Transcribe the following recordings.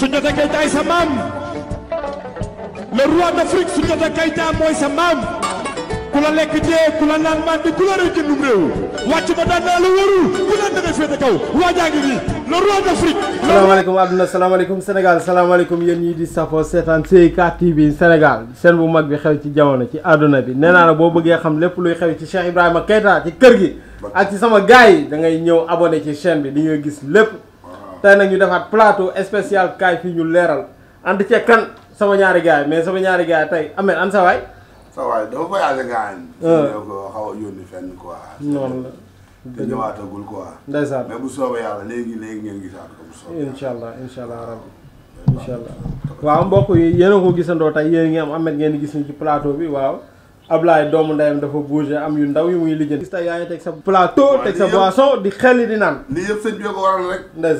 Soundiata Keita sa maam le roi d'Afrique Soundiata Keita mooy sa maam ku la lekk jee ku réew wàcc ma daan naa la wóorul ku la dangay féete kaw waa jaa ngi nii le roi d'Afrique. salaamaaleykum àdduna salaamaaleykum Sénégal salaamaaleykum yéen ñii di safo seetaan CIK TV Sénégal seen bu mag bi xew ci jamono ci àdduna bi nee naa la boo bëggee xam lépp luy xew ci Cheikh Ibrahima Keita ci kër gi. ak ci sama gars yi da ngay ñëw abonné ci chaîne bi di nga gis lépp. tey nag ñu defaat plateau spécial kaay fii ñu leeral ànd ceeg kan sama ñaari gars yi mais sama ñaari gaa yi tey amee an sa waay. sa waay dafa voyagé yi. Ah. ko xaw a yónni fenn quoi. noonu la. te ñëwaatagul quoi. ndeysaan mais bu soobee yàlla léegi léegi ngeen gisaat ko bu soobee. incha allah incha allah rabbi waaw mbokk yi yéen a ko gisandoo tey yéen ngi am Ameth ngeen di gis ni ci plateau bi waaw. Ablaye doomu un dafa am yu ndaw yu muy sa plateau sa boisson di xel di nan li bi ko waral rek. le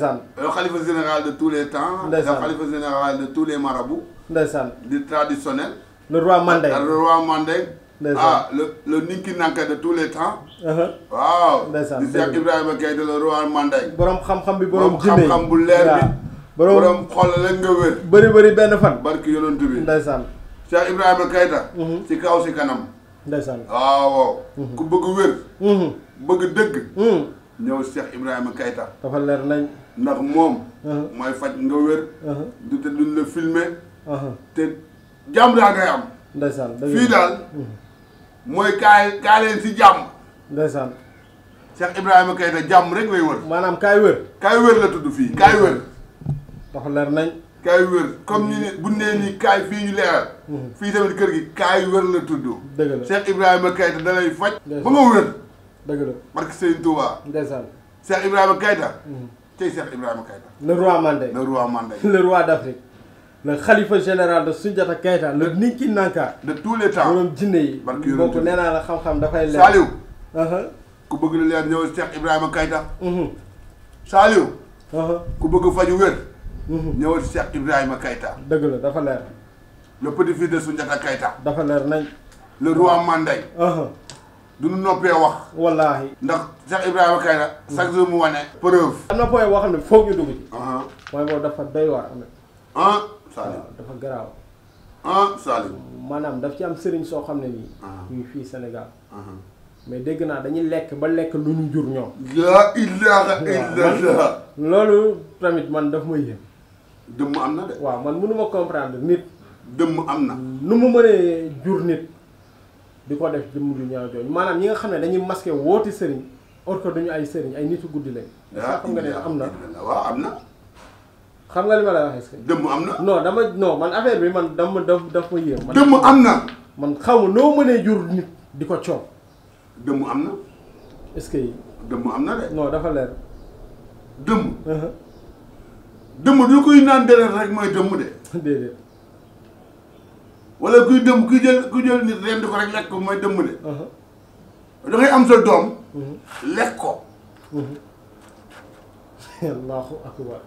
Khalifa euh, général de tous les temps. le Khalifa général de tous les marabouts. Le traditionnel. le roi Mandé le roi Mandé. ah le le Ninki Nanka de tous les temps. Uh-huh. waaw. ndeysaan di de le roi Mandé. borom xam-xam bi borom xam bu leer bi. borom nga barki bi Cheikh Ibrahima Keita mhm. ci kaw si kanam ndeysaan waaw mhm. ku bëgg wér mhm. bëgg dëgg ñëw Cheikh Ibrahima Keita dafa leer nañ ndax moom mooy faj nga wér du te duñ la filmer te jàmm daa ngay am ndeysaan fii daal mooy kaay kaay leen si jàmm ndeysaan Cheikh Ibrahima Keita jàmm rek lay wër maanaam kaay wér kaay wér la tudd fii kaay wér dafa leer nañ kaay wër comme ñu ne bu nee nii kaay fii ñu leeral. Hmm. fii tamit kër gi kaay wër la tudd. dëgg la Cheikh Ibrahima Keita da lay faj. ba nga wër. dëgg la barke Serigne Touba. ndeysaan Cheikh Ibrahima Keita. tey hmm. Cheikh Ibrahima Keita. le roi Mandé. le roi Mandé. le roi d'Afrique. le xalifa général de Soundiata Keita le Ninki Nanka. de tous les temps borom jinne yi. barke Yoro Ndiaye nee naa la xam-xam dafay leer Saliou. Uh-huh. ku bëgg lu leer ñëw Cheikh Ibrahima Keita. Uh-huh. Saliou. Uh-huh. ku bëgg faju wér. Mhm. ñëwal Cheikh a Keita. dëgg la dafa leer. le petit fils de Soundiata Keita. dafa leer nañ. le roi Mandé. Uh-huh. du nu noppee wax. wallaahi. ndax Cheikh Ibrahima Keita chaque jour mu wane. preuve. am na point boo xam ne foog ñu dugg ci. mooy uh-huh. dafa doy waar ah Salim dafa garaaw. ah Salim. maanaam daf ci am sëriñ soo xam ne nii. Uh-huh. ñu fii Sénégal. mais dégg naa dañuy lekk ba lekk jur ñoom. loolu tamit man daf ma yéem. dëmm am na de. waaw man mënu ma comprendre nit. dëmm am na. nu mu mënee jur nit di ko def dëmm ju ñaaw jooju maanaam ñi nga xam ne dañuy masqué woote sëriñ or que duñu ay sëriñ ay nitu guddi ah, xam nga ne am na waaw am na. xam nga li ma lay wax est am na. non dama man affaire bi man dama daf daf ma yéem. dëmm am na. man xaw ma noo mënee jur nit di ko coow. dëmm am na. est-ce que. dëmm am na de. non dafa leer. dëmm. Uh-huh. dëmm du kuy naan deret rek mooy dëmm de. déedéet. wala kuy dëmm kuy jël kuy jël nit rendi ko rek lekk ko mooy dëmm de. Uh-huh. da am sa doom. Uh-huh. lekk ko. Uh-huh. allahu akbar.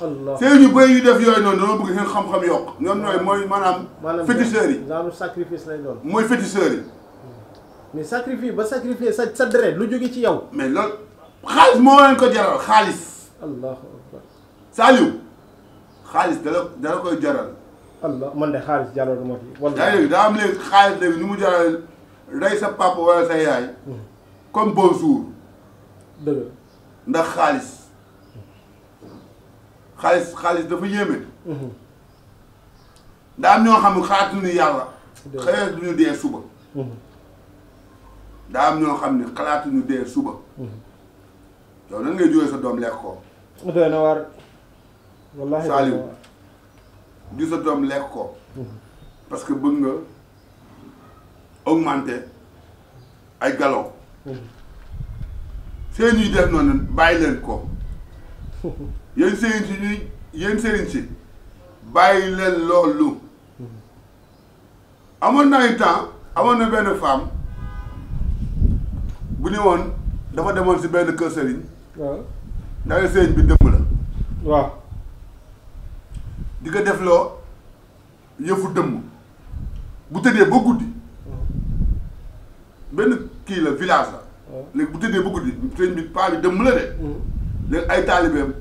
allah yu def yooyu noonu dañoo bëgg seen xam-xam yokk. ñoom ñooy mooy maanaam. maanaam féticheurs yi maanaam sacrifice lay mooy féticheurs yi. mais sacrifice ba sacrifier sa sa deret lu jóge ci yow. mais loolu xaalis moo leen ko jaral xaalis. الله أكبر ساليو خالص دلوك دلوك جرال الله من ده خالص جرال رمادي والله ساليو دام لي خالص لي نمو جرال رئيس بابا ولا سياي كم بونزور دل ده خالص خالص خالص ده في اليمن دام نيو خم خاتم نيالا خير نيو ديال سوبا دام نيو خم نخلات نيو ديال سوبا لو نعيش جوا سدوم لكم doy di sa doom lekk ko. Mhm. parce que bëgg nga augmenter ay galaw mhm. seen ñuy def noonu bàyyi leen ko yéen sëriñ si ñuy yéen sëriñ si bàyyi leen loolu mhm. amoon na ay temps amoon na benn femme bu ñu woon dafa demoon si benn kër ndawe sëñ bi c'est la. waaw. di ko defloo yëfu bu tëddee ba guddi mm. benn kii la village la. Mm. léegi bu tëddee ba guddi sëñ de. Mm. léegi ay taalibeem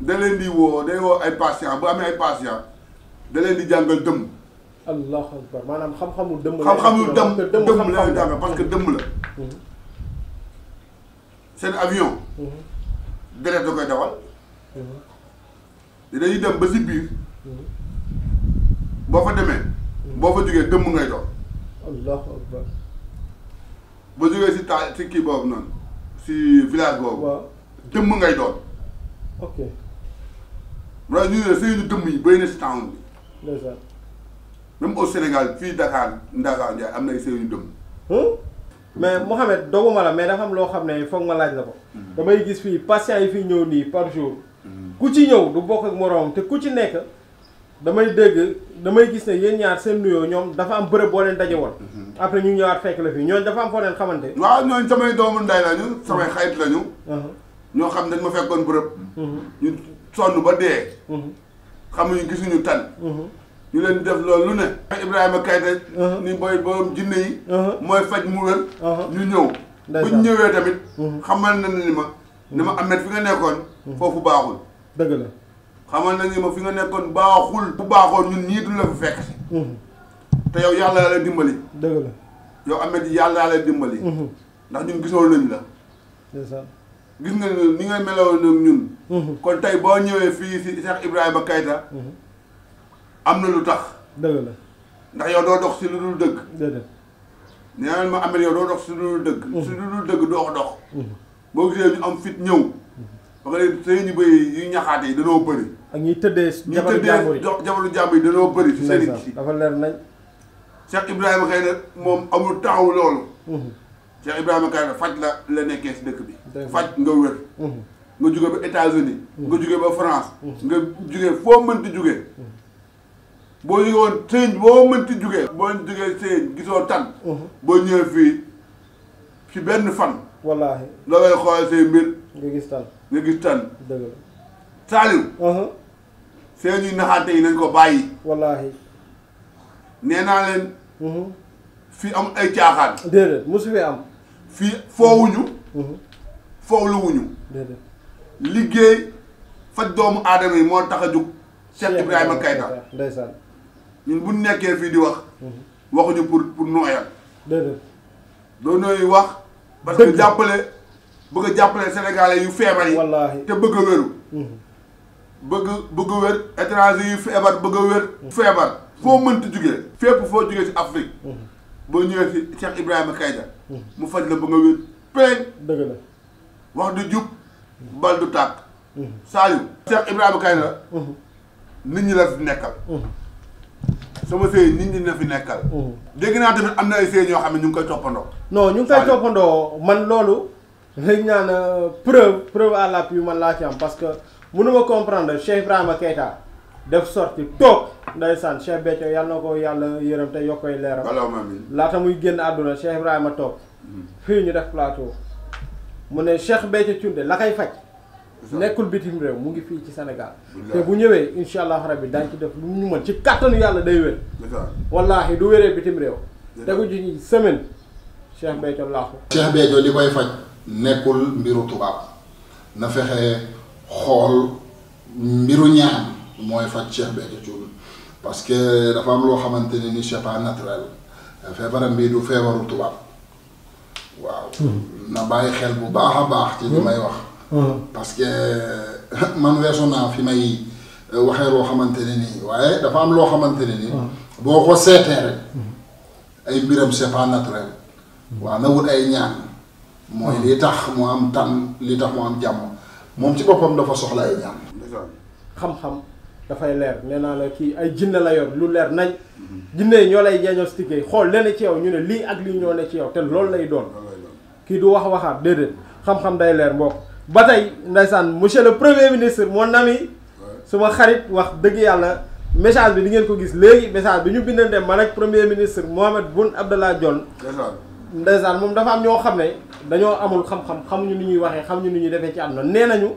da leen di woo day woo ay patient bu amee ay patient da leen di jàngal allahu akbar maanaam xam-xamu de xam-xamu la jàngal parce que la. avion. deret da koy dawal mhm. dañuy dem ba si biir mhm. boo fa demee mhm. boo fa jógee dëmm ngay doon allahu akbar ba jógee si taal si kii boobu noonu si village boobu dëmm ngay doon ok ma ñu ne sëyñu dëmm yi na si town bi même au Sénégal fii Dakar Ndakaar Ndiaye am na ay sëyñu dëmm mais Mouhamed doguma la mais dafa xam loo xam ne foog ma laaj la ko. Hmm. damay gis fii patients yi fii ñëw nii par jour. Hmm. ku ci ñëw du bokk ak moroomam te ku ci nekk damay dégg damay gis ne yéen ñaar seen nuyoo ñoom dafa am bërëb boo leen daje woon. Hmm. après ñu ñëwaat fekk la fii ñooñu dafa am foo leen xamante. waaw ñooñu samay doomu ndey lañu samay xayit lañu. Uh-huh. ñoo xam dañ ma fekkoon bërëb. ñu sonn ba dee. xamuñu gisuñu tan ñu leen def loolu lu ne Ibrahima Kayte uh-huh. ni booy borom jinne yi uh-huh. mooy faj mu wér uh-huh. ñu ñëw buñ ñëwee tamit xamal na ni ma ni ma am na fi nga nekkoon foofu baaxul dëgg la xamal na ni ma fi nga nekkoon baaxul bu baaxoon ñu ñii du la fa fekk te yow yàlla la dimbali dëgg la yow Ahmed yàlla la dimbali ndax ñun gisoo nañ la gis nga ni nga meloon ak ñun kon tey boo ñëwee fii si Cheikh Ibrahima Kayta am na lu tax. dëgg na ndax yow doo dox si lu dul dëgg. dëgg ma amel yow doo si lu dul dëgg. Mm-hmm. si lu doo ko dox. Mm-hmm. boo gisee ñu am fit ñëw. Mm-hmm. ba nga ne bëy yu ñaxaate yi danoo bëri. ak ñi tëddee jabalu jàmbur yi ñuy tëddee jabalu yi danoo bëri. ci seen i dafa leer nañ. Cheikh Ibrahima xëy na moom amul taxaw loolu. Cheikh Ibrahima Kane faj la la nekkee si dëkk bi. faj nga wér. nga jóge ba États-Unis nga jóge ba France. nga jóge foo mënti jóge. boo jógee woon sëñ boo mënti jógee. boo jógee sëñ gisoo tan mhm. boo ñëwee fii ci benn fan. wallaahi la xool say mbir. nga gis tan nga gis tan dëgg la mhm. seen ñuy naxaate yi nañ ko bàyyi. wallaahi. nee naa leen. Mhm. fii am ay caaxaan. déedéet mosu fi am. fii foowuñu. foowluwuñu. déedéet liggéey faj doomu aadama yi moo tax a jug. Cheikh Ibrahima Keita ndeysaan ñun bu nekkee fii di wax. Mhm. waxuñu pour pour nooyal. doo nooy wax. parce que jàppale bëgg a jàppale sénégalais yu feebar yi. wallaahi te bëgg a wéru. Mhm. bëgg bëgg a wér étranger yu feebar bëgg wér. Mhm. feebar foo mënti jugee. fépp foo jugee ci Afrique. boo ñëwee ci Cheikh Ibrahima Kayda. mu faj la ba nga wér peeñ. dëgg la wax du jub bal du tàkk. saa yu Cheikh Ibrahima nit ñi la fi nekkal. sama sëy nit ñi na fi nekkal. Mm-hmm. dégg naa tamit am na ay sëy ñoo xam ne ñu ngi koy toppandoo. non ñu ngi koy toppandoo man loolu. léegi naan euh, preuve preuve à l'appui man laa ci am parce que mënuma comprendre Cheikh Ibrahima Keita def sorti toog ndeysaan Cheikh Béthio yàlla na ko yàlla yërëm te yokk koy leeram laata muy génn àdduna Cheikh Ibrahima toog mm-hmm. fii ñu def plateau mu ne Cheikh Béthio Thioune la koy faj nekul bitim rew mu ngi fi ci Sénégal te bu ñewé inshallah rabbi dañ ci def lu ñu mën ci carton yàlla day wér wallahi du wéré bitim rew réew tegu ci semaine Cheikh Béthio laaxu Cheikh Béthio li koy fajj nekul mbiru tuba na fexe xol mbiru ñaan moy fajj Cheikh Béthio Thioune parce que dafa am lo xamanteni ni c'est pas naturel feebaram bi du feebaru tuba waaw na baye xel bu baaxa baax ci limay wax parce que man weesu naa fi may waxee loo xamante ne nii waaye dafa am loo xamante ne nii. boo ko seetee rek. ay mbiram c'est pas naturel. waaw na wut ay ñaan. mooy li tax mu am tan li tax mu am jàmm moom ci boppam dafa soxla ay ñaan. xam-xam dafay leer nee naa la kii ay jinne la yor lu leer nañ. jinne yi ñoo lay diagnostiqué xool leneen ci yow ñu ne lii ak lii ñoo ne ci yow te loolu lay doon. kii du wax waxaat déedéet xam-xam day leer mbokk. ba tey ndaysaan monsieur le premier ministre moo ami suma xarit wax dëgg yàlla message bi di ngeen ko gis léegi message bi ñu bindante man ak premier ministre Mohamed Boun Abdallah Dionne ndaysaan moom dafa am ñoo xam ne dañoo amul xam-xam xamuñu ni ñuy waxee xam ñu ni ñuy defee ci àdduna nee nañu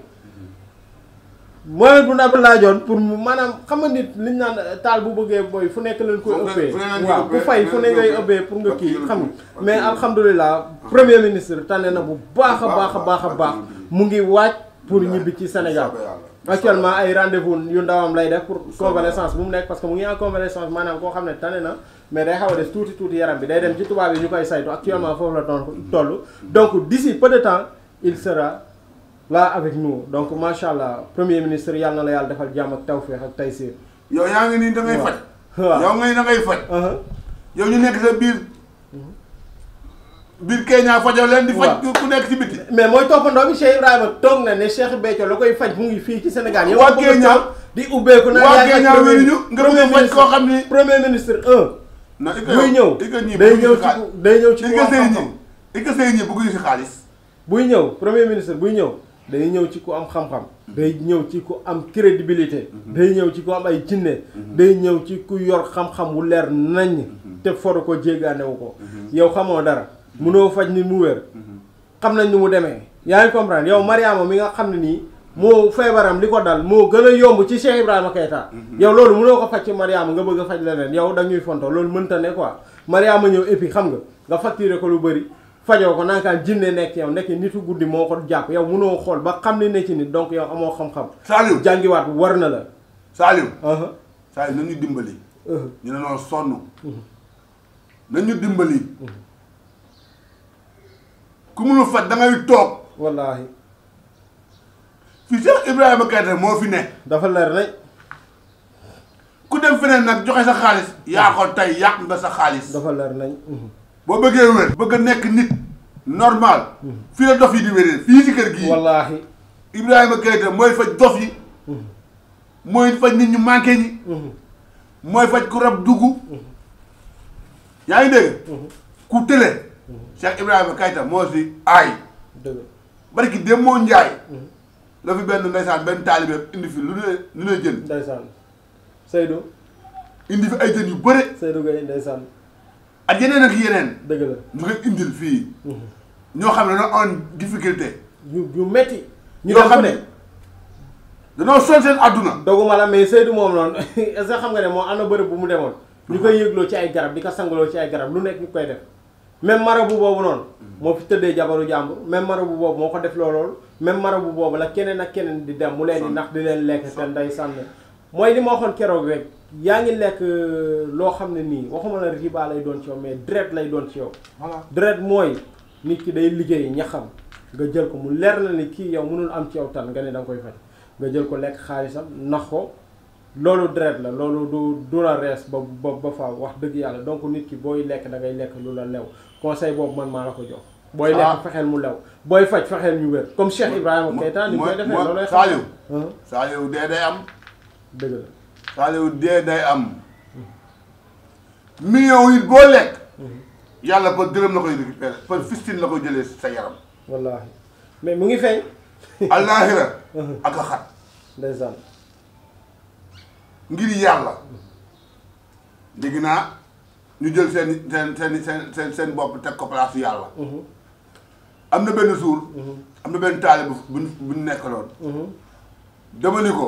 Mohamed Boun Abdallah Dionne pour mu maanaam xam nga nit liñ naan euh, taal bu bëggee booy fu nekk leen koy ëppee waaw ku fay fu ne ngay ëppee pour nga kii xam mais alhamdulilah premier ministre tànne na bu baax a baax a baax baax mu pour une Sénégal actuellement ay rendez-vous pour convalescence parce que en convalescence mais day xaw a des tuuti tuuti yaram day dem donc d'ici peu de temps il sera là avec nous donc Masha'Allah, premier ministre il na la yàlla defal jàmm ak Il ak ngi da ngay le da biir Kenya fajal leen di faj ku nekk ci biti mais mooy toppandoo bi Cheikh Ibrahima toog na ne Cheikh Béthio la koy faj mu ngi fii ci Sénégal yow waa Kenya di ubbeeku na waa Kenya wéruñu nga doon faj koo xam ni premier ministre un buy ñëw day ñëw ci day ñëw ci i ka sëriñ ñi bëgguñu si xaalis buy ñëw premier ministre buy ñëw day ñëw ci ku am xam-xam day ñëw ci ku am crédibilité mhm. day ñëw ci ku am ay jinne mhm. day ñëw ci ku yor xam-xam wu leer naññ mhm. te foru ko jéggaane wu ko yow xamoo dara mënoo faj nit mu wér xam nañ ni mu demee yaa ngi comprendre yow Mariama mi nga xam ne nii moo feebaram li ko dal moo gën a yomb ci Cheikh Ibrahima Keita yow loolu mënoo ko faj ci Mariama nga bëgg a faj leneen yow dañuy fonto loolu mënta ne quoi Mariama ñëw et puis xam nga nga facturé ko lu bëri fajoo ko nankaan jinne nekk yow nekk nitu guddi moo ko jàpp yow mënoo xool ba xam ne ne ci nit donc yow amoo xam-xam Saliou jàngiwaat war na la Saliou uh-huh. Saliou nañu uh-huh. ñu ne noonu sonn nañu dimbali uh-huh. ku mënul faj da ngay toog. wallaahi. fii Cheikh Ibrahima Keita moo fi ne. dafa leer rek. ku dem feneen nag joxe sa xaalis yaa ko tey yàq nga sa xaalis. dafa leer nañ. boo bëggee wér. bëgg a nekk nit normal. fii la dof yi di wéree fii si kër gii. wallaahi. Ibrahima Keita mooy faj dof yi. mooy faj nit ñu manqué ñi. mooy faj ku rab dugg. yaa ngi dégg. ku tële. Cheikh Ibrahima Kayta moo si aay. dëgg la barki dem moo njaay. Mhm. la fi benn ndaysaan benn taalibe indi fi lu ne lu ne jën. ndaysaan Seydou. indi fi ay jën yu bëre. Seydou Gueye ndaysaan. ak yeneen ak yeneen. dëgg la ñu koy indil fii. Mhm. ñoo xam ne dañoo en difficulté. ñu ñu metti. xam ne dañoo sonn seen àdduna. doguma la mais Seydou moom noonu est xam nga ne moom am na bërëb bu mu demoon. ñu koy yëgloo ci ay garab di ko sangaloo ci ay garab lu nekk ñu koy def. même marabu boobu noonu moo fi tëddee jabaru jàmbur même marabu boobu moo ko def loolu même marabu boobu la keneen ak keneen di dem mu leen di ndax di leen lekk te nday sànni mooy li ma waxoon keroog rek yaa ngi lekk euh, loo xam ne nii waxuma la riba lay doon ci yow mais deret lay doon ci yow deret mooy nit ki day liggéey ñaxam nga jël ko mu leer na ni kii yow mënul am ci yow tan nga ne da nga koy faj nga jël ko lekk xaalisam nax ko lolu dread la lolu du du la res ba ba fa wax deug yàlla donc nit ki boy lek da ngay lek lu la lew conseil boobu man maa la ko jox. boy lek fexel mu lew boy fajj fexel ñu wér. comme Cheikh Ibrahima Keita ni koy defé lolu xam Saliou. de day am. deug la Saliou de day am. million yi bo lek yàlla ba deureum la koy récupéré par fistine la koy jëlee sa yaram. wallahi mais mu ngi feeñ. alaaxira ak xat. ndeysaan. ngir yàlla dégg naa ñu jël seen seen seen seen seen seen bopp teg ko place yàlla. Mm-hmm. am na benn suur. Mm-hmm. am na benn taalibe bu bu nekkaloon. Mm-hmm. dama ni ko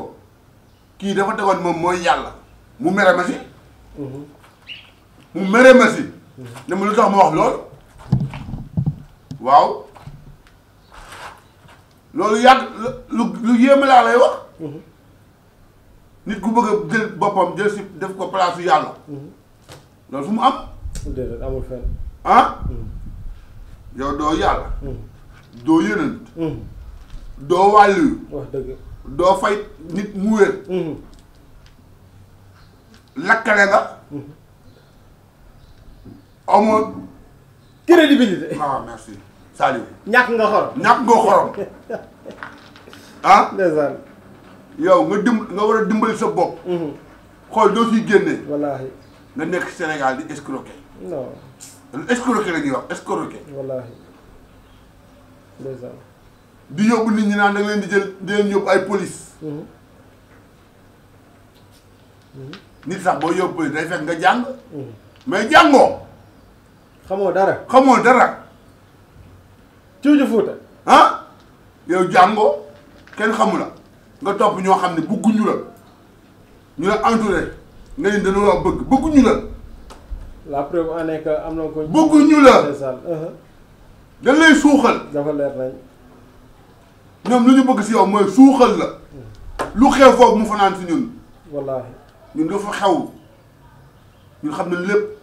kii dafa tegoon moom mooy yàlla mu mere ma si. mu mere ma si. ne ma lu tax ma wax lool waaw loolu yàgg lu lu yéeme laa lay wax. nit ku bëgg a boppam jël si def ko place su yàlla. Mm-hmm. loolu fu mu am. déedéet amul fenn. ah. Mm-hmm. yow doo yàlla. Mm-hmm. doo yënant. doo wàllu. wax doo fay nit mu wér. lakkale nga. amoo. crédibilité. ah merci Saliou. ñàkk nga xorom ñàkk nga xorom ah. ndeysaan. yow nga dim nga war a dimbali sa bopp. Mhm. xool doo siy génnee. wallaahi nga nekk Sénégal di escroquer. non escroquer la ñuy wax escroquer. wallaahi ndeysaan. di yóbbu nit ñi naan da leen di jël di leen yóbbu ay police. Mhm. Mhm. nit sax boo yóbbu police day fekk nga jàng. mais jàngoo. xamoo dara xamoo dara. Cuuju Fuuta. ah yow jàngoo kenn xamu la. nga topp ñoo xam ne bëgguñu la ñu la entouré nga ni dañu la bëgg bëgguñu la. la preuve en est que am na ko. bëgguñu la dañ lay suuxal. dafa leer nañ. ñoom lu ñu bëgg si yow mooy suuxal la. lu xew foofu mu fanaan si ñun. wallaahi ñun dafa xew ñun xam ne lépp.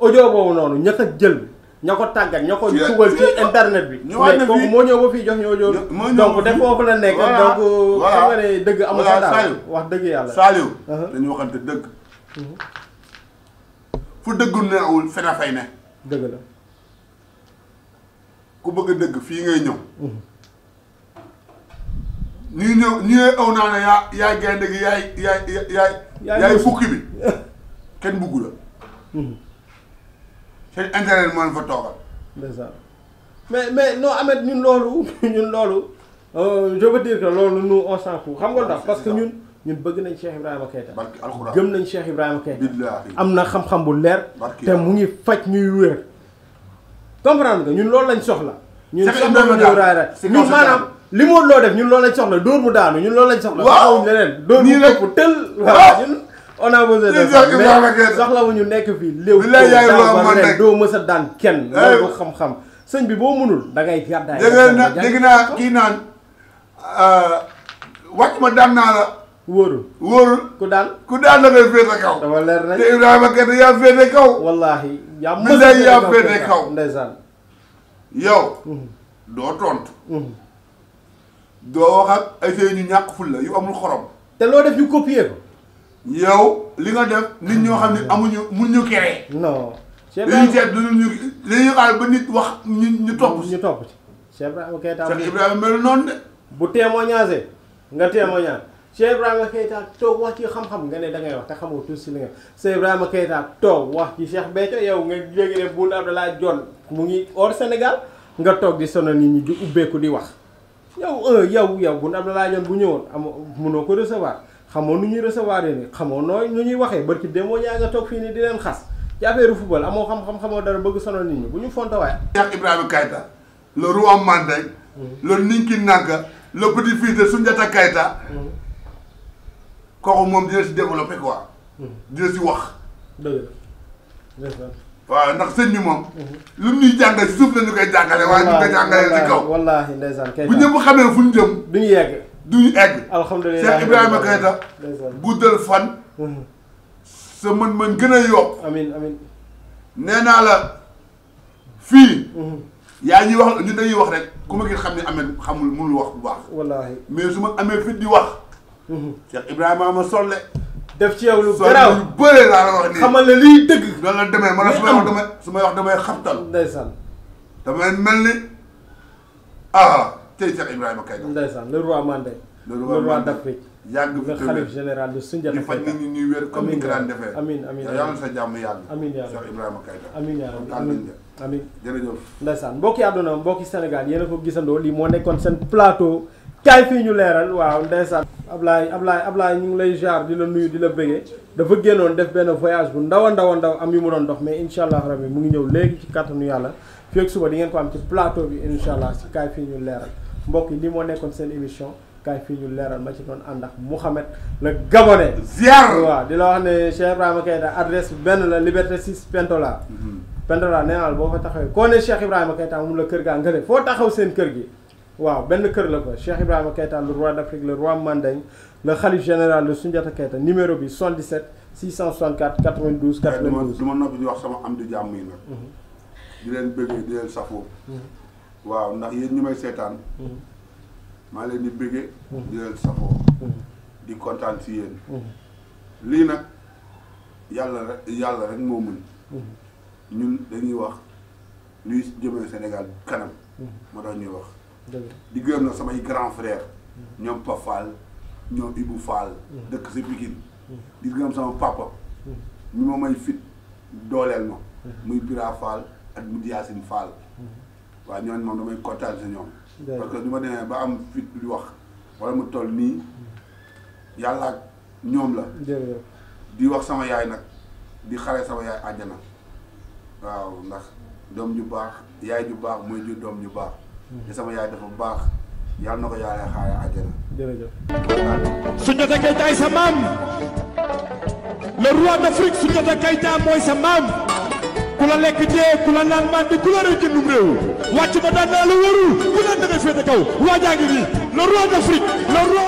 audio boobu noonu ña ko jël ña ko tàggat ña ci internet bi. ñëwaat na fii moo ñëw ba fii jox ñu audio bi. donc def foofu la nekk donc. xam nga ne dëgg amul daal wax dëgg yàlla. Saliou uh-huh. dañu waxante dëgg. Uh-huh. fu dëggul neewul fen a fay ne. dëgg la. ku bëgg dëgg fii ngay ñëw. Uh-huh. ñuy ñëw ñu ne aw naa ne yaa yaay gaynde gi yaay yaay yaay. yaay bukki bi kenn buggu la. C'est intérêt de votre fa nous mais mais non Ahmed, ñun sommes ñun là. Euh, je veux dire que nous on s'en fout xam ah, parce que nous, ñun bëgg nañ Cheikh Ibrahima Nous sommes nañ Cheikh Ibrahima Keita Nous sommes xam-xam bu leer Nous sommes là. Nous ñuy là. comprendre nga ñun Nous lañ soxla Nous sommes là Nous li là. Nous def ñun Nous lañ là Nous sommes là ñun sommes là. soxla sommes là, Nous sommes on a besoin de ça mais soxlawuñu nekk fii. léew yaa doo mës a daan kenn. Eh. loolu xam-xam sëñ bi boo mënul dangay ngay gàddaay. dégg naa kii naan euh, wàcc ma daan naa la. wóorul wóorul. ku daan ku daan la ngay féete kaw. dama leer nañ te Ibrahima Keita yaa féete kaw. wallaahi yaa mën a yaa féete kaw ndeysaan yow. Mhm. doo tontu. Mhm. doo wax ak ay ñu ñàkk ful yu amul xorom. te loo def ñu copier ko. yow li nga def nit ñoo xam ne amuñu mun ñu créé. non. li ñu seet du ñu li ñu xaar ba nit wax ñu ñu topp ñu topp ci. Cheikh Ibrahima Keita Cheikh nga témoignage Cheikh ci xam-xam nga ne da ngay wax te xamoo tuuti si li nga Cheikh Ibrahima Keita toog wax ci Cheikh Béthio yow nga jóge ne Boun Abdallah Dionne mu ngi hors Sénégal nga toog di sonal nit ñi di ubbeeku di wax yow un euh, yow yow Boun Abdallah Dionne bu ñëwoon am munoo ko recevoir. xamoo nu ñuy recevoir yi ni xamoo nooy nu ñuy waxee barki demoo ñaa nga toog fii nii di leen xas ci affaire football amoo xam-xam xamoo dara bëgg sonal nit ñi bu ñu fonta waay Cheikh Ibrahima Keita le roi Mandé mm. le Ninki Nanka le petit-fils de Soundiata Keita mm. kooku moom dina si développé quoi mm. dina si wax dëgg waaw ndax sëñ bi moom mm-hmm. lu ñuy jàngale si suuf la ñu koy jàngale waaye ñu koy jàngale si kaw bu ñëpp xamee fu ñu jëm duñu yegg duñu egg. alhamdulilah Cheikh Ibrahima Keita. guddal fan. sa mën-mën gën a yokk. amiin amiin. nee naa la fii. yaa ñuy wax ñu dañuy wax rek ku ma gis xam ne amee xamul mënul wax bu baax. wallaahi mais su ma amee fit di wax. Cheikh Ibrahima ma solle. def ci yow lu garaaw lu bëree laa la wax nii xamal ne liy dëgg. loolu la demee man su may wax damay su may wax damay xabtal. ndeysaan. damay mel ni ah. tey Cheikh Ibrahima Keita. ndeysaan le roi Mandé. le roi d'Afrique. yàgg fi xalif général de Soundiata Keita di faj nit ñi ñuy wér comme ni na sa jàmm yàgg. amiin yàlla Cheikh Ibrahima Keita. mbokki àdduna mbokki Sénégal yéen ko gisandoo lii moo nekkoon seen plateau. kaay fii ñu leeral waaw ndeysaan Ablaye Ablaye Ablaye ñu ngi lay jaar di la nuyu di la bëggee dafa génnoon def benn voyage bu ndawa a ndaw a am yu mu doon dox mais incha allah rabbi mu ngi ñëw léegi ci kàttanu yàlla fii ak suba di ngeen ko am ci plateau bi incha allah si kaay fii mbokk yi li moo nekkoon seen émission kay fi ñu leeral ma ci doon ànd ak Mouhamed le Gabonais. ziar waaw di la wax ne Cheikh Ibrahima Keita adresse benn la Liberté 6 Pentola. Mhm. Pentola nee naa la boo fa taxawee koo ne Cheikh Ibrahima Keita moom la kër gaa nga ne foo taxaw seen kër gi. waaw benn kër la ko Cheikh Ibrahima Keita le roi d'Afrique le roi Mandeng le khalife général de Soundiata Keita numéro bi 77 664 92. 92 du ma noppi di wax sama am di jàmm yi nag. Mhm. di leen bëggee di leen safoo. Mhm. waaw ndax yéen ñu may seetaan mm-hmm. maa leen di bëggee mm-hmm. di leen safoo mm-hmm. di kontaan si yéen lii nag yàlla rek yàlla rek moo mën ñun dañuy wax luy jëmee Sénégal kanam moo tax ñuy wax di gërëm nag samay grand frère ñoom Pa Fall ñoom Ibou Fall dëkk si Pikine di gërëm sama papa ñu ma may fit dooleel ma muy Bira Fall ak Moudiassine Fall waaw ñooñu moom damay kontaan si ñoom. parce que ñu ma demee ba am fit lu wax walla mu toll nii yàlla ak ñoom la. di wax sama yaay nag di xale sama yaay àjjana waaw ndax doom ju baax yaay ju baax mooy jur doom ju baax. Hmm. te sama yaay dafa baax yàlla na ko yàlla xaare àjjana. jërëjëf. Soundiata Keita ay sa maam le roi d'Afrique Soundiata Keita mooy sa maam. ku la lekk jee ku la naan màndi ku la rëy jëndum réew wàcc ma daan naa la wóorul ku la dana féete kaw waa jaa nii le roi d'Afrique le roi